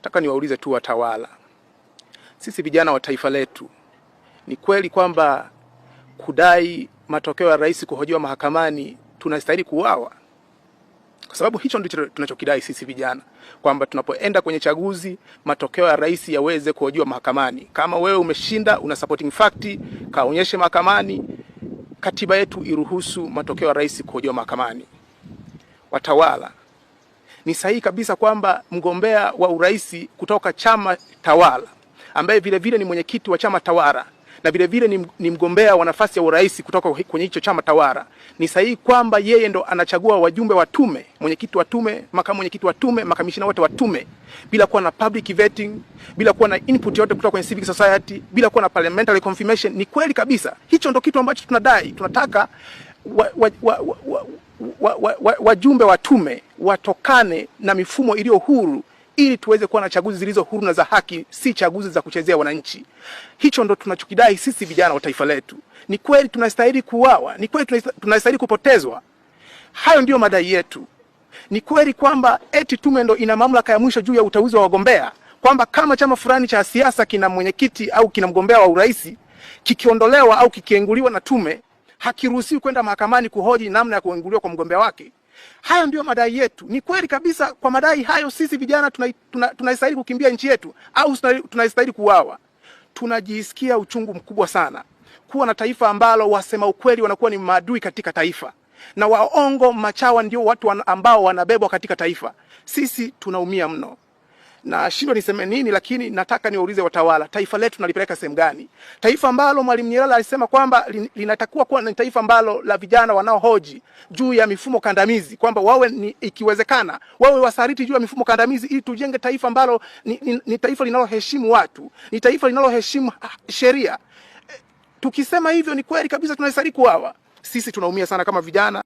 Nataka niwaulize tu watawala, sisi vijana wa taifa letu, ni kweli kwamba kudai matokeo ya rais kuhojiwa mahakamani tunastahili kuuawa? Kwa sababu hicho ndicho tunachokidai sisi vijana, kwamba tunapoenda kwenye chaguzi matokeo ya rais yaweze kuhojiwa mahakamani. Kama wewe umeshinda, una supporting fact, kaonyeshe mahakamani. Katiba yetu iruhusu matokeo ya rais kuhojiwa mahakamani. Watawala, ni sahihi kabisa kwamba mgombea wa urais kutoka chama tawala ambaye vile vile ni mwenyekiti wa chama tawala na vile vile ni mgombea wa nafasi ya urais kutoka kwenye hicho chama tawala, ni sahihi kwamba yeye ndo anachagua wajumbe wa tume, mwenyekiti wa tume, makamu mwenyekiti wa tume, makamishina wote wa tume, bila kuwa na public vetting, bila kuwa na input yote kutoka kwenye civic society, bila kuwa na parliamentary confirmation. Ni kweli kabisa, hicho ndo kitu ambacho tunadai. Tunataka wajumbe wa, wa, wa, wa, wa, wa, wa, wa tume watokane na mifumo iliyo huru ili tuweze kuwa na chaguzi zilizo huru na za haki, si chaguzi za kuchezea wananchi. Hicho ndo tunachokidai sisi vijana wa taifa letu. Ni kweli tunastahili kuuawa? Ni kweli tunastahili kupotezwa? Hayo ndiyo madai yetu. Ni kweli kwamba eti tume ndo ina mamlaka ya mwisho juu ya uteuzi wa wagombea, kwamba kama chama fulani cha siasa kina mwenyekiti au kina mgombea wa urais, kikiondolewa au kikienguliwa na tume, hakiruhusiwi kwenda mahakamani kuhoji namna ya kuenguliwa kwa mgombea wake. Hayo ndiyo madai yetu. Ni kweli kabisa, kwa madai hayo sisi vijana tunastahili tuna, tuna kukimbia nchi yetu au tunastahili kuuawa? Tunajisikia uchungu mkubwa sana kuwa na taifa ambalo wasema ukweli wanakuwa ni maadui katika taifa na waongo machawa ndio watu ambao wanabebwa katika taifa. Sisi tunaumia mno nashindwa niseme nini, lakini nataka niwaulize watawala, taifa letu nalipeleka sehemu gani? Taifa ambalo Mwalimu Nyerere alisema kwamba linatakiwa kuwa ni taifa ambalo la vijana wanaohoji juu ya mifumo kandamizi, kwamba wawe ni, ikiwezekana wawe wasariti juu ya mifumo kandamizi, ili tujenge taifa ambalo ni, ni, ni taifa linaloheshimu watu, ni taifa linaloheshimu ah, sheria. Eh, tukisema hivyo, ni kweli kabisa tunaisariku hawa. Sisi tunaumia sana kama vijana.